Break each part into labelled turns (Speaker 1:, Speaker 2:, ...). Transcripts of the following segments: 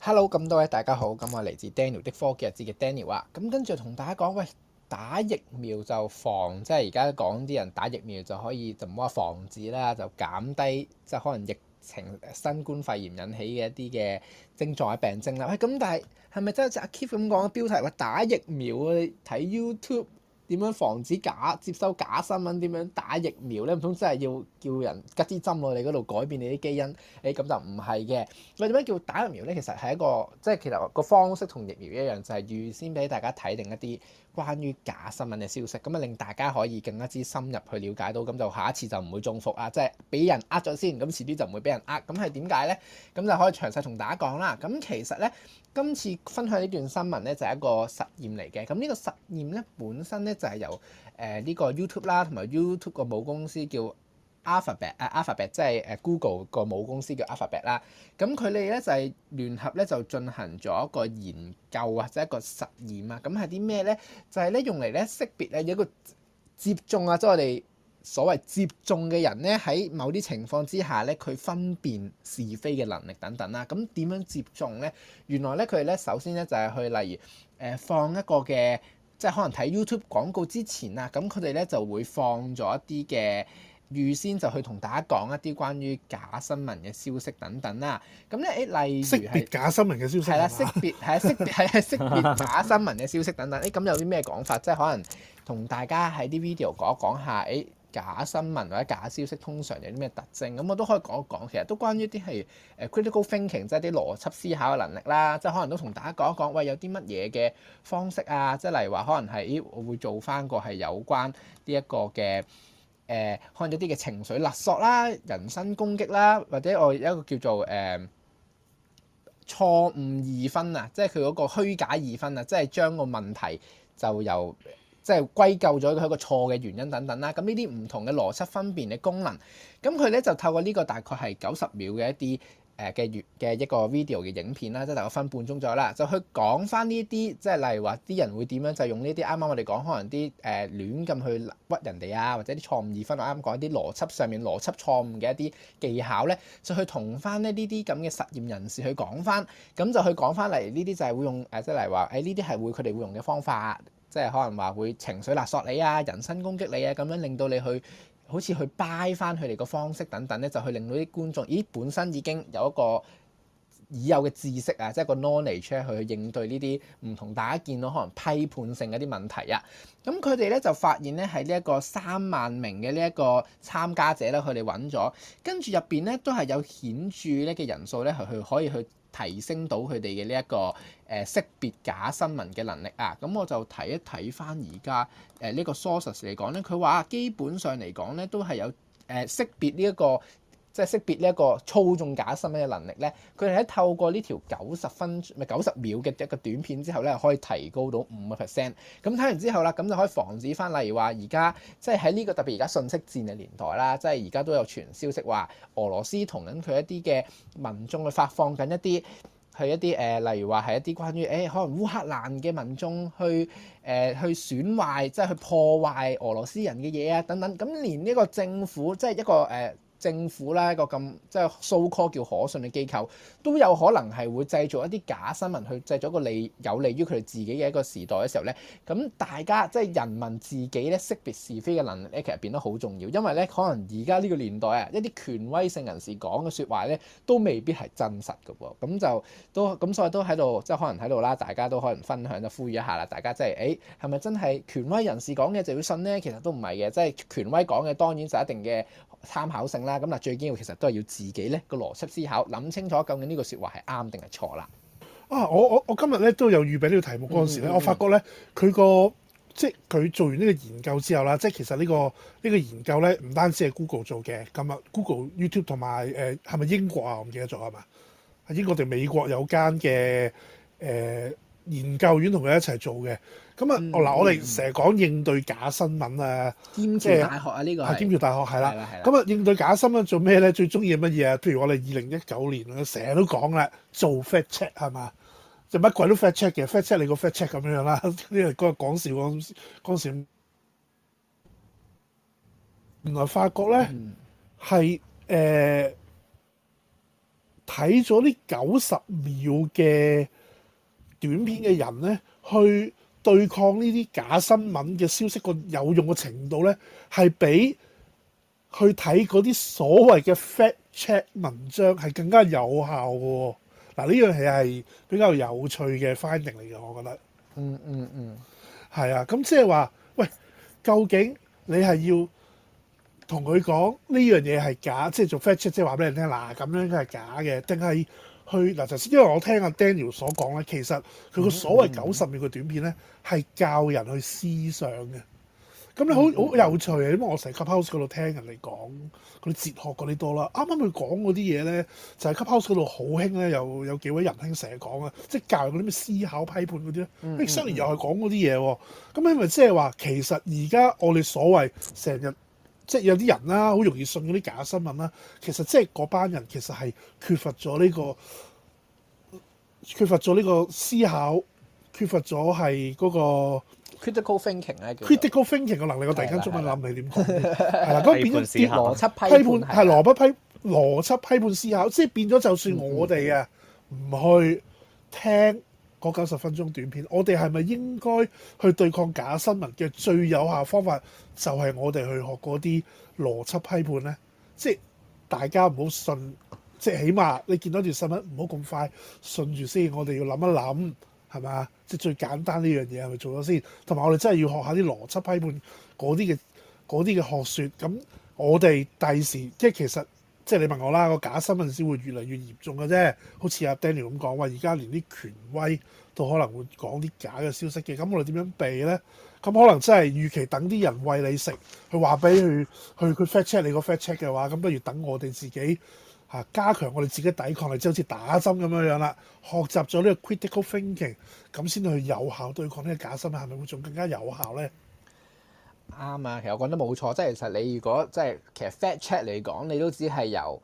Speaker 1: Hello，咁多位大家好，咁我嚟自 Daniel 的科技日志嘅 Daniel 啊，咁跟住同大家講，喂，打疫苗就防，即係而家講啲人打疫苗就可以，就唔好話防止啦，就減低即係、就是、可能疫情新冠肺炎引起嘅一啲嘅症狀嘅病症啦。喂，咁但係係咪真係阿 Keith 咁講嘅標題話打疫苗你睇 YouTube？點樣防止假接收假新聞？點樣打疫苗咧？唔通真係要叫人吉支針落你嗰度改變你啲基因？誒、欸、咁就唔係嘅。咁點解叫打疫苗咧？其實係一個即係其實個方式同疫苗一樣，就係、是、預先俾大家睇定一啲關於假新聞嘅消息，咁啊令大家可以更加之深入去了解到，咁就下一次就唔會中伏啊！即係俾人呃咗先，咁遲啲就唔會俾人呃。咁係點解咧？咁就可以詳細同大家講啦。咁其實咧，今次分享呢段新聞咧就係、是、一個實驗嚟嘅。咁呢個實驗咧本身咧。就係由誒呢個 YouTube 啦，同埋 YouTube 個母公司叫 Alphabet，誒、啊、Alphabet 即係誒 Google 個母公司叫 Alphabet 啦。咁佢哋咧就係、是、聯合咧就進行咗一個研究或者一個實驗啊。咁係啲咩咧？就係、是、咧用嚟咧識別咧一個接種啊，即、就、係、是、我哋所謂接種嘅人咧，喺某啲情況之下咧，佢分辨是非嘅能力等等啦。咁點樣接種咧？原來咧佢哋咧首先咧就係、是、去例如誒、呃、放一個嘅。即係可能睇 YouTube 廣告之前啊，咁佢哋咧就會放咗一啲嘅預先就去同大家講一啲關於假新聞嘅消息等等啦。咁咧誒，例如識別
Speaker 2: 假新聞嘅消息係啦，識
Speaker 1: 別係啊識係識別假新聞嘅消息等等。誒、欸、咁有啲咩講法？即係可能同大家喺啲 video 講一講一下誒。欸假新聞或者假消息通常有啲咩特徵？咁我都可以講一講。其實都關於啲係誒 critical thinking，即係啲邏輯思考嘅能力啦。即係可能都同大家講一講。喂，有啲乜嘢嘅方式啊？即係例如話，可能係咦，我會做翻個係有關呢一個嘅誒、欸，可能一啲嘅情緒勒索啦、人身攻擊啦，或者我有一個叫做誒、欸、錯誤二分啊，即係佢嗰個虛假二分啊，即係將個問題就由。即係歸咎咗佢一個錯嘅原因等等啦，咁呢啲唔同嘅邏輯分辨嘅功能，咁佢咧就透過呢個大概係九十秒嘅一啲誒嘅月嘅一個 video 嘅影片啦，即係大概分半鐘左右啦，就去講翻呢啲，即係例如話啲人會點樣就用呢啲啱啱我哋講可能啲誒、呃、亂咁去屈人哋啊，或者啲錯誤二分我啱啱講啲邏輯上面邏輯錯誤嘅一啲技巧咧，就去同翻咧呢啲咁嘅實驗人士去講翻，咁就去講翻嚟呢啲就係會用誒，即係例如話誒呢啲係會佢哋會用嘅方法。即係可能話會情緒勒索你啊、人身攻擊你啊，咁樣令到你去好似去掰返佢哋個方式等等咧，就去令到啲觀眾，咦，本身已經有一個已有嘅知識啊，即係個 knowledge 去應對呢啲唔同大家見到可能批判性嘅一啲問題啊。咁佢哋咧就發現咧喺呢一個三萬名嘅呢一個參加者咧，佢哋揾咗，跟住入邊咧都係有顯著咧嘅人數咧去去可以去提升到佢哋嘅呢一個誒識別假新聞嘅能力啊，咁我就睇一睇翻而家誒呢個 sources 嚟講咧，佢話基本上嚟講咧都係有誒識別呢一個。即係識別呢一個操縱假新聞嘅能力咧，佢哋喺透過呢條九十分唔係九十秒嘅一個短片之後咧，可以提高到五個 percent。咁睇完之後啦，咁就可以防止翻。例如話而家即係喺呢個特別而家信息戰嘅年代啦，即係而家都有傳消息話俄羅斯同緊佢一啲嘅民眾去發放緊一啲去一啲誒，例如話係一啲關於誒、哎、可能烏克蘭嘅民眾去誒、呃、去損壞即係去破壞俄羅斯人嘅嘢啊等等。咁連呢個政府即係一個誒。呃政府咧個咁即係 so-called 叫可信嘅機構，都有可能係會製造一啲假新聞去製造一個利有利於佢哋自己嘅一個時代嘅時候咧。咁大家即係人民自己咧識別是非嘅能力咧，其實變得好重要。因為咧可能而家呢個年代啊，一啲權威性人士講嘅説話咧都未必係真實㗎喎。咁就都咁所以都喺度即係可能喺度啦，大家都可能分享就呼籲一下啦，大家即係誒係咪真係權威人士講嘅就要信咧？其實都唔係嘅，即係權威講嘅當然就一定嘅。參考性啦，咁嗱，最緊要其實都係要自己咧、嗰個邏輯思考，諗清楚究竟呢個説話係啱定係錯啦。
Speaker 2: 啊，我我我今日咧都有預備呢個題目嗰陣、嗯、時咧，我發覺咧佢、嗯嗰個即係佢做完呢個研究之後啦，即係其實呢、呢個呢、呢個研究咧唔單止係 Google 做嘅，咁啊 Google、YouTube 同埋誒係咪英國啊？我唔記得咗係嘛？英國定美國有間嘅誒？呃研究院同佢一齊做嘅，咁啊，嗱，我哋成日講應對假新聞、嗯嗯、啊，劍橋大學啊，呢、呢個係劍橋大學係啦，咁啊，應對假新聞做咩咧？最中意乜嘢啊？譬如我哋二零一九年啊，成日都講啦，做 fact check 係嘛，就乜鬼都 fact check 嘅 ，fact check 你個 fact check 咁樣啦，呢 個講笑嗰時，原來法國咧係誒睇咗呢九十、嗯呃、秒嘅。短片嘅人咧，去對抗呢啲假新聞嘅消息個有用嘅程度咧，係比去睇嗰啲所謂嘅 fact check 文章係更加有效嘅喎、哦。嗱，呢樣嘢係比較有趣嘅 finding 嚟嘅，我覺得。嗯嗯嗯，係、嗯嗯、啊，咁即係話，喂，究竟你係要同佢講呢樣嘢係假，即係做 fact check，即係話俾人聽嗱，咁樣應該係假嘅，定係？去嗱，頭先因為我聽阿 Daniel 所講咧，其實佢個所謂九十秒嘅短片咧，係、嗯嗯、教人去思想嘅。咁你好、嗯、好有趣啊！因為我成日喺 Clubhouse 嗰度聽人哋講嗰啲哲學嗰啲多啦。啱啱佢講嗰啲嘢咧，就係喺 Clubhouse 嗰度好興咧，又有，有幾位仁兄成日講啊，即係教人啲咩思考批判嗰啲咧。Shane、嗯嗯、又係講嗰啲嘢喎，咁咧咪即係話其實而家我哋所謂成日。即係有啲人啦、啊，好容易信嗰啲假新聞啦、啊。其實即係嗰班人其實係缺乏咗呢、這個缺乏咗呢個思考，缺乏咗係嗰個 critical thinking critical thinking 嘅能力。我突然間中文諗你點講，
Speaker 1: 係啦，嗰變咗跌邏輯批判係
Speaker 2: 邏 不批邏輯批,批,批判思考，即係變咗。就算我哋啊唔去聽，嗰九十分鐘短片，我哋係咪應該去對抗假新聞嘅最有效方法，就係我哋去學嗰啲邏輯批判呢？即係大家唔好信，即係起碼你見到條新聞唔好咁快信住先，我哋要諗一諗，係嘛？即係最簡單呢樣嘢係咪做咗先？同埋我哋真係要學下啲邏輯批判嗰啲嘅啲嘅學説，咁我哋第時即係其實。即係你問我啦，個假新聞先會越嚟越嚴重嘅啫。好似阿 Daniel 咁講，喂，而家連啲權威都可能會講啲假嘅消息嘅。咁我哋點樣避呢？咁可能真係預期等啲人餵你食，去話俾佢，去佢 fact check 你個 fact check 嘅話，咁不如等我哋自己嚇、啊、加強我哋自己抵抗力，即係好似打針咁樣樣啦，學習咗呢個 critical thinking，咁先去有效對抗呢個假新聞，係咪會仲更加有效呢？
Speaker 1: 啱啊，其實我講得冇錯，即係其實你如果即係其實 fact check 嚟講，你都只係由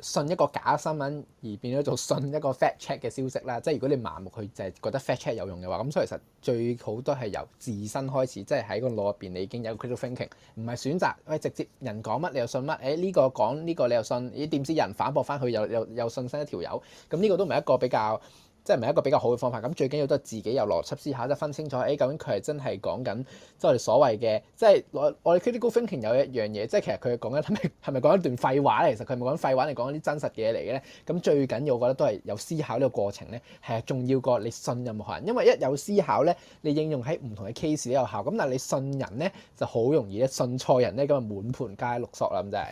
Speaker 1: 信一個假新聞而變咗做信一個 fact check 嘅消息啦。即係如果你盲目去就係覺得 fact check 有用嘅話，咁所以其實最好都係由自身開始，即係喺個腦入邊你已經有 critical thinking，唔係選擇喂，直接人講乜你又信乜，誒，呢個講呢個你又信，咦，點知人反駁翻去又又又信新一條友，咁呢個都唔係一個比較。即係唔係一個比較好嘅方法。咁最緊要都係自己有邏輯思考，即係分清楚，誒、哎、究竟佢係真係講緊即係我哋所謂嘅，即係 critical thinking 有一樣嘢，即係其實佢係講緊係咪係講一段廢話咧？其實佢係咪講廢話定講啲真實嘢嚟嘅咧？咁最緊要我覺得都係有思考呢個過程咧，係、啊、重要過你信任何人，因為一有思考咧，你應用喺唔同嘅 case 都有效。咁但係你信任咧就好容易咧，信錯人咧咁啊滿盤皆落索啦咁就係。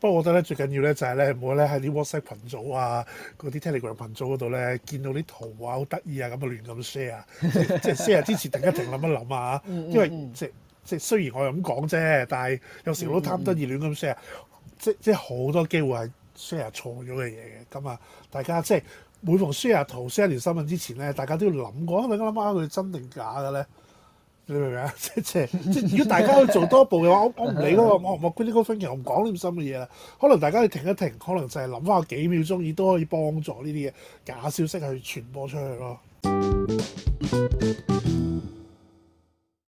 Speaker 2: 不過我覺得咧最緊要咧就係咧唔好咧喺啲 WhatsApp 群組啊，嗰啲 Telegram 群組嗰度咧見到啲圖啊好得意啊咁啊亂咁 share，即係 share 之前大家停一停諗一諗啊，因為即即，即雖然我係咁講啫，但係有時都貪得意亂咁 share，即即好多機會係 share 錯咗嘅嘢嘅，咁啊大家即係每逢 share 圖、share 條新聞之前咧，大家都要諗過，諗一諗佢真定假嘅咧。你明唔明啊？即即即如果大家去做多一步嘅話，我我唔理嗰、嗰個、我 我 critical thinking 我唔講啲咁深嘅嘢啦。可能大家要停一停，可能就係諗翻個幾秒鐘，亦都可以幫助呢啲嘅假消息去傳播出去咯。